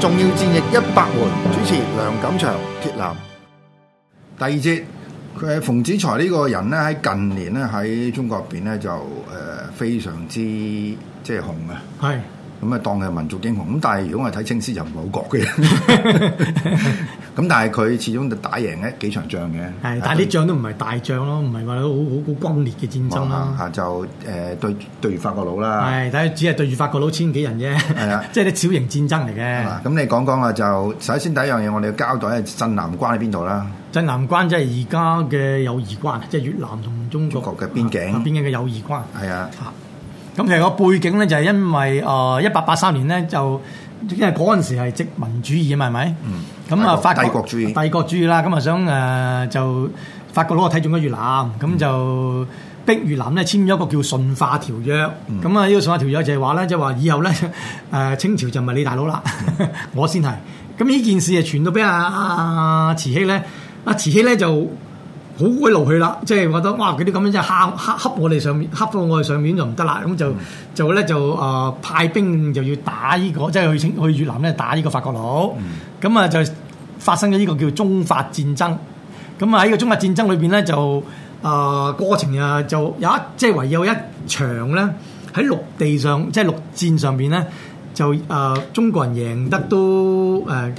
重要戰役一百回，主持梁錦祥揭難、鐵男。第二節，佢係馮子材呢個人咧，喺近年咧，喺中國入邊咧就誒、呃、非常之即係紅嘅。係咁啊，當係民族英雄。咁但係如果我睇青史就唔係好覺嘅。 咁但係佢始終就打贏一幾場仗嘅，係，但係啲仗都唔係大仗咯，唔係話好好好轟烈嘅戰爭咯，吓就誒、呃、對對住法國佬啦，係，但係只係對住法國佬千幾人啫，係啊，即係啲小型戰爭嚟嘅，咁、啊、你講講啊，就首先第一樣嘢，我哋要交代係鎮南關喺邊度啦，鎮南關即係而家嘅友誼關，即、就、係、是、越南同中國中國嘅邊境，啊、邊境嘅友誼關，係啊。咁其實個背景咧就係因為誒一八八三年咧就因為嗰陣時係殖民主義吖嘛，係咪？嗯。咁啊法帝國主義，帝國主義啦，咁啊想誒就法國佬啊睇中咗越南，咁就逼越南咧簽咗一個叫《順化條約》。咁啊呢個順化條約就係話咧，即係話以後咧誒清朝就唔係你大佬啦，我先係。咁呢件事就傳到俾阿阿慈禧咧，阿慈禧咧就。好鬼勞氣啦！即係覺得哇，佢啲咁樣即係蝦蝦蝦我哋上面蝦到我哋上面就唔得啦！咁、嗯、就就咧就啊、呃、派兵就要打呢、這個，即係去去越南咧打呢個法國佬。咁啊、嗯、就發生咗呢個叫中法戰爭。咁啊喺個中法戰爭裏邊咧就啊、呃、過程啊就有一即係、就是、唯有一場咧喺陸地上即係陸戰上邊咧就啊、呃、中國人贏得都誒。呃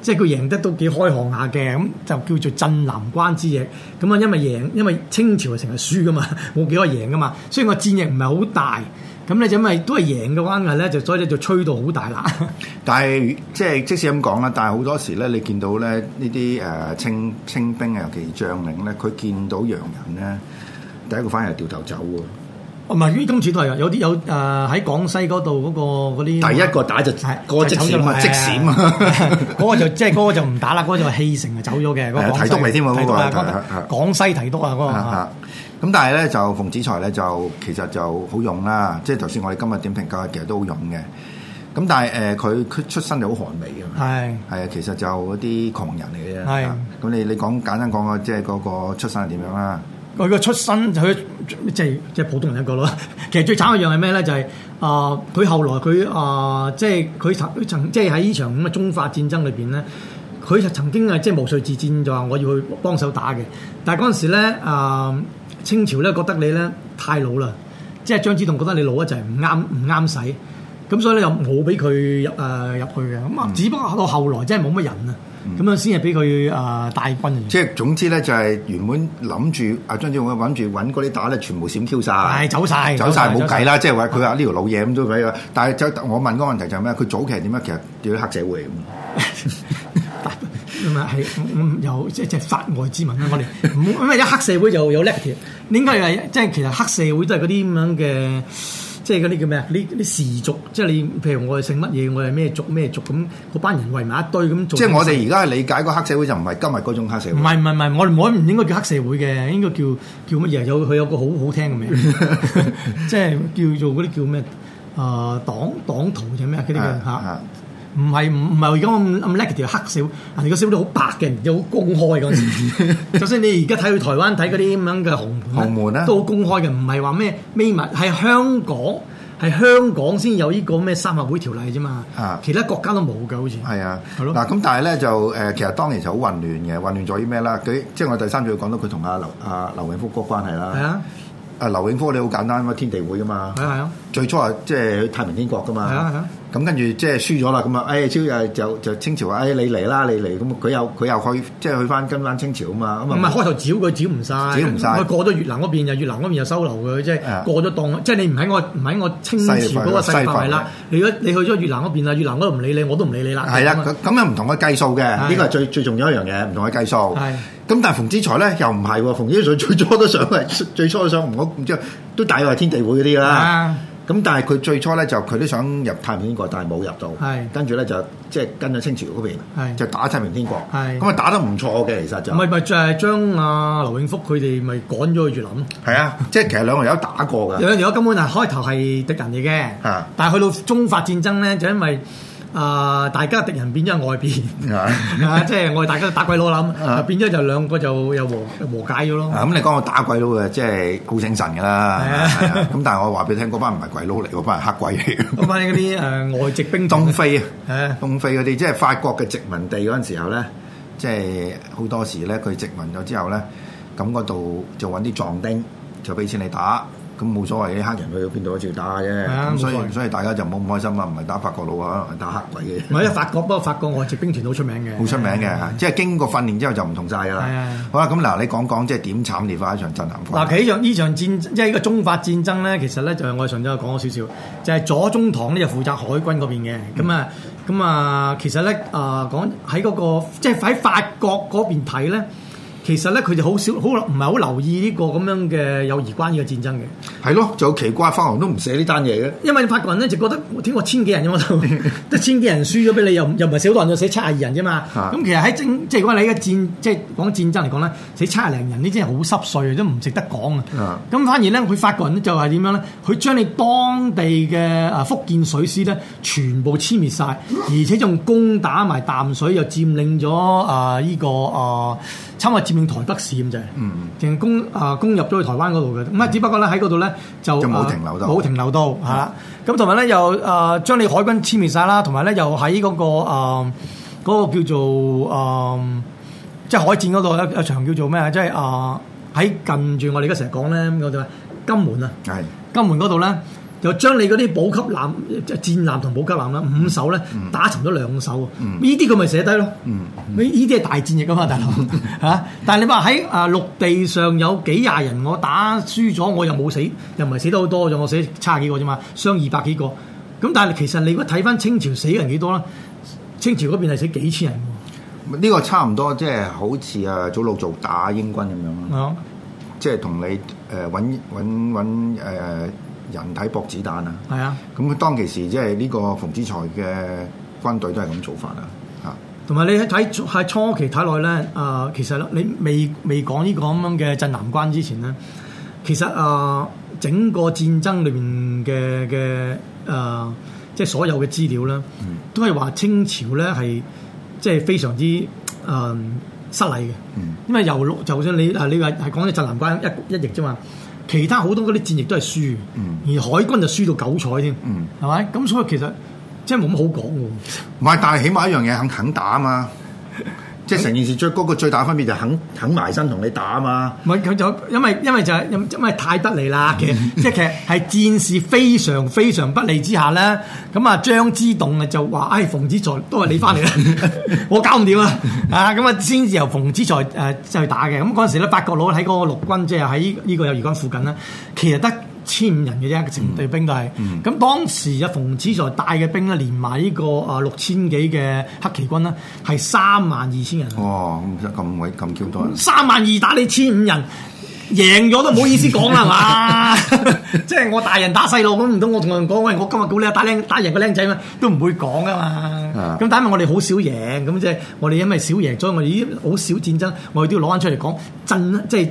即係佢贏得都幾開行下嘅，咁就叫做鎮南關之役。咁啊，因為贏，因為清朝成日輸噶嘛，冇幾多贏噶嘛。雖然個戰役唔係好大，咁咧因為都係贏嘅關係咧，就所以咧就吹到好大啦。但係即係即使咁講啦，但係好多時咧，你見到咧呢啲誒清清兵啊，尤其是將領咧，佢見到洋人咧，第一個反而係掉頭走喎。唔係今次都係啊，有啲有誒喺廣西嗰度嗰個啲。第一個打就過即閃即閃啊！嗰個就即係嗰個就唔打啦，嗰個就棄城就走咗嘅。誒提督嚟添喎嗰個，廣西提督啊嗰個。咁但係咧就馮子材咧就其實就好勇啦，即係就算我哋今日點評價其實都好勇嘅。咁但係誒佢佢出身就好寒微嘅嘛。係啊，其實就嗰啲窮人嚟嘅。係咁，你你講簡單講個即係嗰個出身係點樣啦？佢個出身就係即係即係普通人一個咯。其實最慘嘅一樣係咩咧？就係、是、啊，佢、呃、後來佢啊，即係佢曾曾即係喺呢場咁嘅中法戰爭裏邊咧，佢曾經啊即係毛遂自薦，就話我要去幫手打嘅。但係嗰陣時咧啊、呃，清朝咧覺得你咧太老啦，即係張之洞覺得你老一陣唔啱唔啱使，咁所以咧又冇俾佢入、呃、入去嘅。咁啊，只不過到後來真係冇乜人啊。咁樣先係俾佢誒帶軍。即係總之咧，就係原本諗住阿張志勇揾住揾嗰啲打咧，全部閃挑晒。係走晒，走晒，冇計啦！即係話佢話呢條老嘢咁都俾佢。但係就我問個問題就係咩？佢早期係點樣？其實啲黑社會咁。咁係 有即係即係法外之民啊！ 我哋因為一黑社會就有叻嘅，你應該係即係其實黑社會都係嗰啲咁樣嘅。即係嗰啲叫咩啊？呢啲氏族，即係你譬如我係姓乜嘢，我係咩族咩族咁，嗰班人圍埋一堆咁做。即係我哋而家係理解個黑社會就唔係今日嗰種黑社會。唔係唔係唔係，我哋我唔應該叫黑社會嘅，應該叫叫乜嘢？有佢有個好好聽嘅名， 即係叫做嗰啲叫咩？誒、呃、黨黨徒定咩嗰啲叫嚇。 唔係唔唔係，而家咁咁叻嘅條黑少，人哋個少都好白嘅，有公開嗰陣時。首先 你而家睇去台灣睇嗰啲咁樣嘅洪門，洪門咧都公開嘅，唔係話咩秘密。係香港係香港先有呢個咩三合會條例啫嘛。啊，其他國家都冇嘅，好似係啊，嗱咁、啊啊、但係咧就誒，其實當年就好混亂嘅，混亂在於咩啦？佢即係我第三句要講到佢同阿阿劉永福哥關係啦。係啊，阿劉永福你好簡單，因為天地會噶嘛。係啊。最初啊，即係太平天國㗎嘛，咁跟住即係輸咗啦，咁啊，誒朝日就就清朝話誒你嚟啦，你嚟咁，佢又佢又去即係去翻跟翻清朝啊嘛，咁啊，唔係開頭剿佢剿唔晒。剿唔晒，過咗越南嗰邊越南嗰邊又收留佢，即係過咗檔，即係你唔喺我唔喺我清朝嗰個勢範啦。你去你去咗越南嗰邊啦，越南嗰度唔理你，我都唔理你啦。係啦，咁咁唔同嘅計數嘅，呢個係最最重要一樣嘢，唔同嘅計數。係咁，但係馮子材咧又唔係，馮子材最初都想係最初都想唔好唔知都大約係天地會嗰啲啦。咁但係佢最初咧就佢都想入太平天國，但係冇入到。係是跟住咧就即係跟咗清朝嗰邊，是就打太平天國。係咁啊，打得唔錯嘅其實就唔係唔係，就係將阿劉永福佢哋咪趕咗去越南。係啊，即係其實兩個人有打過㗎。 兩個人，兩個人根本係開頭係敵人嚟嘅，嚇、啊！但係去到中法戰爭咧，就因為。啊、呃！大家敵人變咗外邊，啊，即係 我哋大家打鬼佬咁，啊變咗就兩個就有和就和解咗咯。咁、啊嗯嗯、你講我打鬼佬嘅，即係好精神噶啦，咁但係我話俾你聽，嗰班唔係鬼佬嚟，嗰班係黑鬼嚟。嗰班嗰啲誒外籍兵，兵東非飛啊， 東非嗰啲即係法國嘅殖民地嗰陣時候咧，即係好多時咧，佢殖民咗之後咧，咁嗰度就搵啲壯丁，就俾錢你打。咁冇所謂嘅，黑人去到邊度都照打啫。咁、啊、所以所,所以大家就唔好唔開心啦，唔係打法國佬啊，係打黑鬼嘅。唔係啊，法國不過法國外籍兵團好出名嘅。好出名嘅，啊、即係經過訓練之後就唔同晒嘅啦。啊、好啦，咁嗱，你講講即係點慘烈化一場,震場戰爭。嗱，喺呢呢場戰即係呢個中法戰爭咧，其實咧，我哋上次講咗少少，就係、是、左中堂呢，就負責海軍嗰邊嘅。咁啊咁啊，其實咧啊、呃、講喺嗰、那個即係喺法國嗰邊睇咧。其實咧，佢就好少好唔係好留意呢個咁樣嘅友誼關嘅戰爭嘅。係咯，就好奇怪法國人都唔寫呢單嘢嘅。因為法國人咧就覺得，天話千幾人啫嘛，都千幾人輸咗俾你，又又唔係少多人，就寫七廿二人啫嘛。咁其實喺正即係如果你嘅戰，即係講戰爭嚟講咧，寫七廿零人呢真係好濕碎，都唔值得講啊。咁反而咧，佢法國人咧就係點樣咧？佢將你當地嘅啊福建水師咧，全部殲滅晒，而且仲攻打埋淡水，又佔領咗啊依、這個啊差唔佔領台北市，咁就嗯，成攻啊、呃、攻入咗去台灣嗰度嘅，咁係，只不過咧喺嗰度咧就就冇停留到，冇、啊、停留到嚇。咁同埋咧又啊，將你海軍殲滅晒啦，同埋咧又喺嗰、嗰個啊、呃嗰個、叫做啊、呃，即係海戰嗰度一一場叫做咩啊，即係啊喺近住我哋而家成日講咧咁嗰度金門啊，係嘅金門嗰度咧。就將你嗰啲補給艦即係戰艦同補給艦啦，五艘咧打沉咗兩艘，呢啲佢咪寫低咯。呢啲係大戰役啊嘛，大佬嚇！嗯、 但係你話喺啊陸地上有幾廿人，我打輸咗，我又冇死，又唔係死得好多啫，我死差幾個啫嘛，傷二百幾個。咁但係其實你如果睇翻清朝死人幾多啦？清朝嗰邊係死幾千人。呢個差唔多，即係好似啊祖魯族打英軍咁樣咯，即係同你誒揾揾揾誒。呃人體搏子彈啊！係啊！咁佢當其時，即係呢個馮子材嘅軍隊都係咁做法啦，嚇。同埋你喺睇喺初期睇落咧，誒、呃，其實你未未講呢個咁樣嘅鎮南關之前咧，其實誒、呃、整個戰爭裏邊嘅嘅誒，即係所有嘅資料咧，都係話清朝咧係即係非常之誒、呃、失禮嘅，嗯、因為由錄，就算你誒你話係講嘅鎮南關一一役啫嘛。其他好多嗰啲戰役都係輸的，嗯、而海軍就輸到九彩添，係咪、嗯？咁所以其實即係冇乜好講喎。唔係，但係起碼一樣嘢肯肯打嘛。即係成件事最高、嗰個最大分別就肯肯埋身同你打啊嘛！唔係佢就因為因為就係因，因為太得利啦，其實即係 其實係戰事非常非常不利之下咧，咁啊張之洞啊就話：唉、哎，馮子材都係你翻嚟啦， 我搞唔掂啦啊！咁啊，先至由馮子材誒就去打嘅。咁嗰陣時咧，八國佬喺嗰個陸軍即係喺呢依個友誼關附近咧，其實得千五人嘅啫，成隊兵嘅。咁、嗯、當時阿馮子才帶嘅兵咧，連埋呢個啊六千幾嘅黑旗軍咧，係三萬二千人。哦，咁即係咁偉咁 Q 多人。三萬二打你千五人，贏咗都唔好意思講啦，係嘛？即係我大人打細路，咁唔通我同人講，喂，我今日叫你打靚打贏個靚仔嘛，都唔會講噶嘛。咁但係我哋好少贏，咁即係我哋因為少贏，所以我哋好少戰爭，我哋都要攞翻出嚟講陣，即係。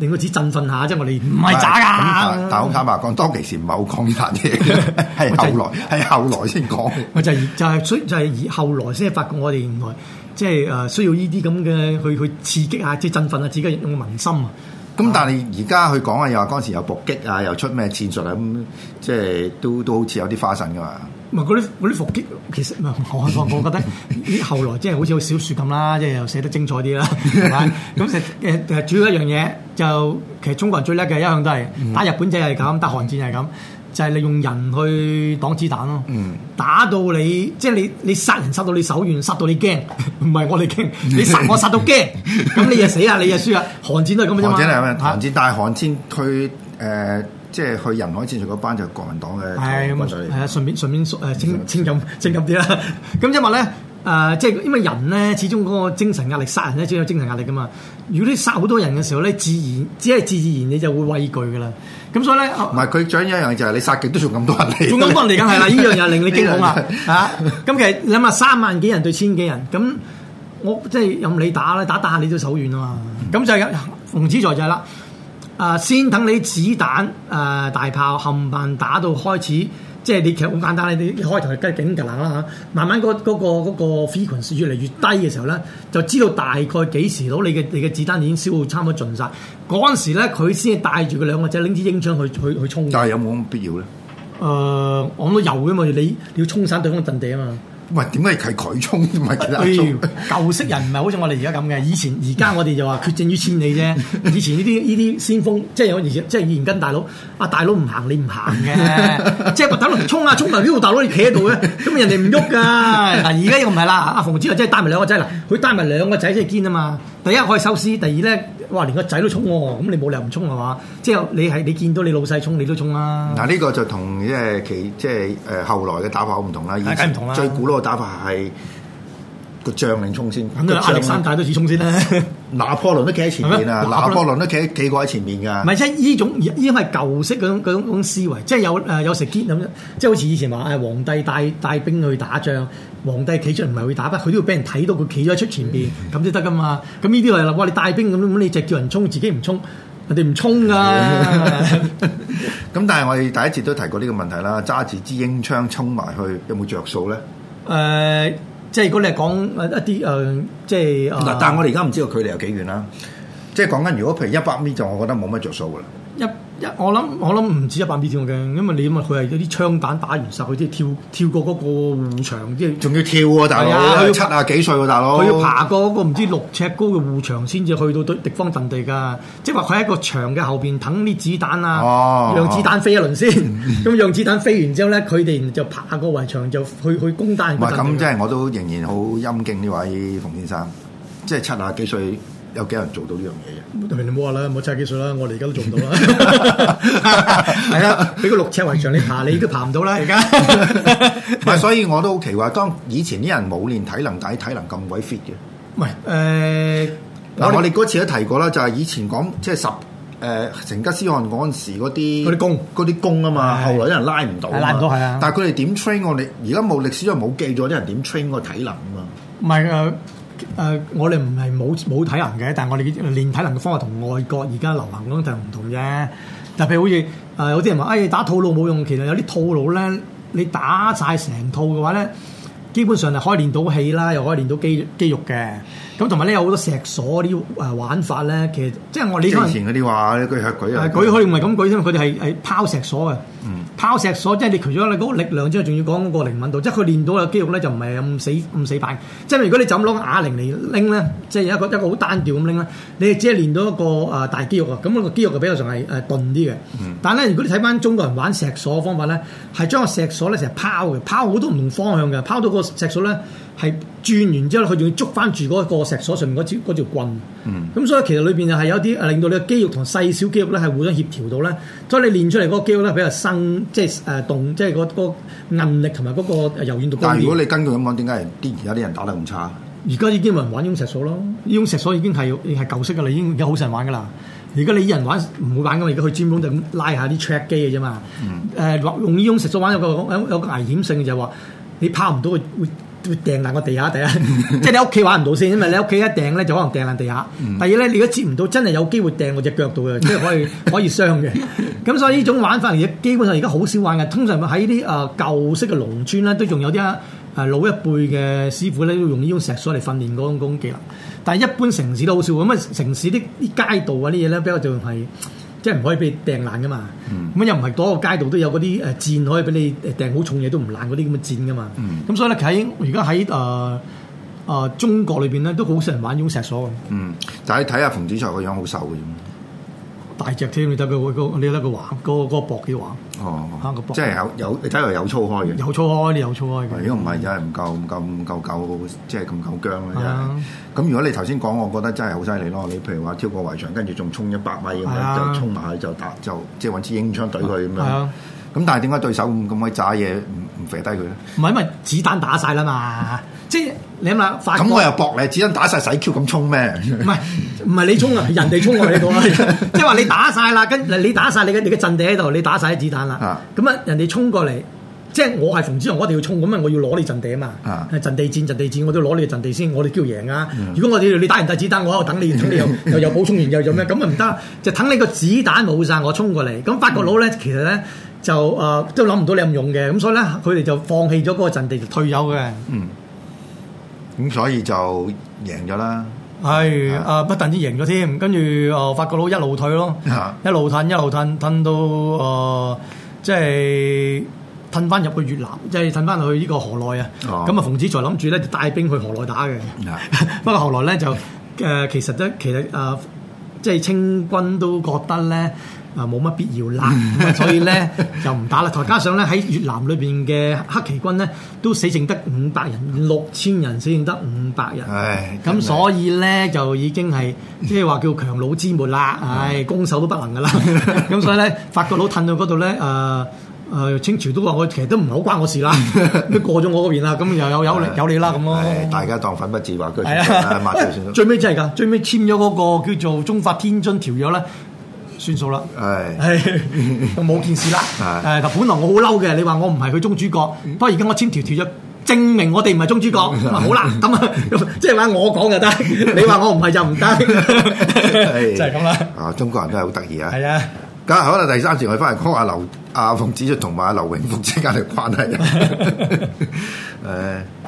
令我只振奮下，即啫，我哋唔係渣㗎。但好坦白講，當其時唔係好抗啲嘢，係、 就係、後來係後來先講。 我就係、是、就係、是、需就係、是、而後來先發覺我哋原來即係誒需要呢啲咁嘅去去刺激下，即係振奮下自己嘅民心啊！咁但係而家佢講啊，又話嗰陣時有伏擊啊，又出咩戰術啊，咁即係都都好似有啲花神噶嘛。唔係嗰啲嗰啲伏擊，其實唔我，我覺得啲 後來即係好似好小説咁啦，即係又寫得精彩啲啦。咁誒誒， 主要一樣嘢就其實中國人最叻嘅一向都係打日本仔係咁，打韓戰係咁。就係利用人去擋子彈咯，嗯、打到你，即係你你殺人殺到你手軟，殺到你驚。唔係我哋驚，你殺我殺到驚，咁 你又死啊，你又輸啊。韓戰都係咁啊嘛。韓戰係咪？韓戰，但係韓戰去誒，即係去人海戰術嗰班就係國民黨嘅。係咁啊，係啊，順便順便誒清清咁清咁啲啦。咁因為咧。誒、呃，即係因為人咧，始終嗰個精神壓力殺人咧，先有精神壓力噶嘛。如果你殺好多人嘅時候咧，自然只係自自然，你就會畏懼噶啦。咁所以咧，唔係佢最一樣就係、是、你殺極都仲咁多人嚟，仲咁多人嚟梗係啦。呢樣又令你驚恐 啊！嚇，咁其實你諗下，三萬幾人對千幾人，咁我即係任你打啦，打打下你都手軟啊嘛。咁 就係馮子材就係啦。誒、呃，先等你子彈誒、呃、大炮冚唪唥打到開始。即係你其實好簡單，你開頭係梗係頂格啦嚇，慢慢嗰、那、嗰個嗰、那個 frequency、那個、越嚟越低嘅時候咧，就知道大概幾時到你嘅你嘅子彈已經消耗差唔多盡晒。嗰陣時咧，佢先係帶住佢兩個仔拎支英槍去去去衝。但係有冇咁必要咧？誒、呃，我諗都有㗎嘛，你要衝散對方陣地啊嘛。喂，點解係佢衝唔係其他、哎、 式人？舊識人唔係好似我哋而家咁嘅，以前而家我哋就話決戰於千里啫。以前呢啲呢啲先鋒，即係有陣時即係以前跟大佬，啊大佬唔行你唔行嘅， 即係等落衝啊衝埋呢度，大佬你企喺度嘅，咁人哋唔喐噶。嗱而家又唔係啦，阿、啊、馮子材真係帶埋兩個仔啦，佢帶埋兩個仔真係堅啊嘛。第一可以收屍，第二咧。哇！連個仔都衝，咁你冇理由唔衝係嘛？即係你係你見到你老細衝，你都衝啦。嗱、啊，呢、呢個就同即係其即係誒後來嘅打法好唔同啦。最古老嘅打法係、嗰個將領衝先，個亞歷山大都始衝先啦。拿破崙都企喺前面啊！拿破崙都企過喺前面㗎。唔係即係呢種，已經係舊式嗰種思維，即係有誒有成堅咁，即係好似以前話誒皇帝帶帶，帶兵去打仗。皇帝企出嚟唔係會打吧，佢都要俾人睇到佢企咗喺出前邊咁、嗯、就得噶嘛。咁呢啲係啦，哇！你帶兵咁你就叫人衝，自己唔衝，人哋唔衝噶。咁但係我哋第一次都提過呢個問題啦，揸住支英槍衝埋去，有冇着數咧？誒、呃，即係如果你係講一啲誒、呃，即係嗱，呃、但係我哋而家唔知道距離有幾遠啦。即係講緊如果譬如一百米，就我覺得冇乜着數啦。一、嗯我諗我諗唔止一百米跳高嘅，因為你因為，佢係嗰啲槍彈打完晒，佢即係跳跳過嗰個護牆，即係仲要跳喎、啊，大佬，佢、啊、七啊幾歲喎，大佬？佢要爬過嗰、嗰個唔知六尺高嘅護牆先至去到對敵方陣地㗎。即係話佢喺一個牆嘅後邊等啲子彈啊，讓子彈飛一輪先。咁、啊啊、讓子彈飛完之後咧，佢哋 就爬過個圍牆就去去攻打人。唔係咁，即係我都仍然好欽敬呢位馮先生，即係七啊幾歲？有幾人做到呢樣嘢嘅？你唔好話啦，唔好猜幾歲啦，我哋而家都做唔到啦。係啊，俾個六尺圍牆，你爬你都爬唔到啦。而家唔係，所以我都好奇怪，當以前啲人冇練體能，但係體能咁鬼 fit 嘅。唔係，誒嗱，我哋嗰次都提過啦，就係以前講即係十誒成吉思汗嗰陣時嗰啲嗰啲弓嗰啲弓啊嘛，後來啲人拉唔到到係啊，但係佢哋點 train 我哋？而家冇歷史，就冇記咗啲人點 train 個體能啊嘛。唔係啊！誒、呃，我哋唔係冇冇體能嘅，但係我哋練體能嘅方法同外國而家流行嗰種就唔同啫。就譬如好似誒、呃，有啲人話，誒、哎、打套路冇用，其實有啲套路咧，你打晒成套嘅話咧，基本上係可以練到氣啦，又可以練到肌肌肉嘅。咁同埋咧，有好多石鎖啲誒玩法咧，其實即係我哋之前嗰啲話佢係舉啊，舉可以唔係咁舉，因為佢哋係係拋石鎖嘅，嗯、拋石鎖即係你除咗你個力量之外，仲要講個靈敏度，即係佢練到嘅肌肉咧就唔係咁死咁死板。即係如果你就咁攞個啞鈴嚟拎咧，即係一個一個好單調咁拎咧，你只係練到一個誒大肌肉啊。咁、那個肌肉嘅比較上係誒鈍啲嘅。嗯、但係咧，如果你睇翻中國人玩石鎖嘅方法咧，係將石個石鎖咧成日拋嘅，拋好多唔同方向嘅，拋到個石鎖咧。係轉完之後，佢仲要捉翻住嗰個石鎖上面嗰條棍。咁、嗯、所以其實裏邊就係有啲令到你嘅肌肉同細小，小肌肉咧係互相協調到咧。所以你練出嚟嗰個肌肉咧比較生，即係誒動，即係嗰個韌力同埋嗰個柔軟度。但係如果你根據咁講，點解啲而家啲人打得咁差？而家已經冇人玩呢種石鎖咯，呢種石鎖已經係係舊式噶啦，已經而家好少人玩噶啦。而家你啲人玩唔會玩噶嘛，而家去 gym room 就咁拉下啲 track 機嘅啫嘛。誒、嗯呃，用呢種石鎖玩有個有個危險性嘅就係話，你拋唔到佢會。會掟爛個地下，第一，即係你屋企玩唔到先，因為你屋企一掟咧就可能掟爛地下。第二咧，你如果接唔到，真係有機會掟我隻腳度嘅，即係可以可以傷嘅。咁 所以呢種玩法而家基本上而家好少玩嘅。通常喺啲誒舊式嘅農村咧，都仲有啲誒老一輩嘅師傅咧，都用呢種石鎖嚟訓練嗰種功技啦。但係一般城市都好少，咁啊城市啲啲街道啊啲嘢咧，比較就係、是。即係唔可以俾掟爛噶嘛，咁、嗯、又唔係每個街道都有嗰啲誒箭可以俾你掟，好重嘢都唔爛嗰啲咁嘅箭噶嘛，咁、嗯、所以咧喺而家喺誒誒中國裏邊咧都好少人玩呢種石鎖嘅。嗯，但係睇下馮子才個樣好瘦嘅啫。大隻添，你睇佢個，你睇佢橫，個個薄嘅橫，哦，嚇個薄，即係有有，睇嚟有粗開嘅，有粗開，你有粗開嘅。如果唔係，真係唔夠，唔夠、啊，唔夠夠，即係咁夠僵啦，真係。咁如果你頭先講，我覺得真係好犀利咯。你譬如話跳過圍牆，跟住仲衝一百米，咁、啊、就衝埋就打，就，就即係揾支影槍對佢咁、啊、樣。咁、啊、但係點解對手咁鬼渣嘢，唔唔射低佢咧？唔係因為子彈打晒啦嘛，即係。你啊嘛，咁我又搏你，只能打晒洗 Q 咁衝咩？唔係唔係，你衝啊， 人哋衝嚟你個，即係話你打晒啦，跟你打晒你嘅你嘅陣地喺度，你打晒啲子彈啦。咁啊，人哋衝過嚟，即係我係馮子雄，我哋要衝，咁啊，我要攞你陣地啊嘛。陣地戰陣地戰，我都攞你嘅陣地先，我哋叫贏啊。嗯、如果我哋你打完曬子彈，我喺度等你，等你又又又補充完，又做咩咁啊？唔得、嗯嗯，就等你個子彈冇晒，我衝過嚟。咁法國佬咧，其實咧就誒、呃、都諗唔到你咁用嘅，咁所以咧佢哋就放棄咗嗰個陣地就退休嘅。嗯。咁所以就贏咗啦，係啊，啊，啊，啊，不但止贏咗添，跟住啊法國佬一路退咯，一路褪一路褪，褪到啊即係褪翻入去越南，即係褪翻去呢個河內啊。咁啊馮子材諗住咧就帶兵去河內打嘅，啊嗯、不過後來咧就誒其實咧其實啊即係、即係、清軍都覺得咧。啊，冇乜必要啦，所以咧就唔打啦。再加上咧喺越南裏邊嘅黑旗軍咧，都死剩得五百人，六千人死剩得五百人。係咁，所以咧就已經係即係話叫強弩之末啦，唉，攻守都不能噶啦。咁所以咧法國佬褪到嗰度咧，誒誒清朝都話我其實都唔好關我事啦，都過咗我嗰邊啦，咁又有有你有你啦咁咯。大家當粉筆字畫句説話，最尾真係㗎，最尾簽咗嗰個叫做中法天津條約咧。算數啦，係唉，我冇件事啦。誒唉，嗱唉，本來我好嬲嘅，你話我唔係佢中主角，不過而家我簽條條約，證明我哋唔係中主角。唉好啦，咁啊唉，即係話我講就得，你話我唔係就唔得，唉 就係咁啦。啊，中國人都係好得意啊。係啊，咁可能第三次我翻嚟 c 講下劉阿馮子俊同埋阿劉永福之間嘅關係。誒、啊。啊啊啊啊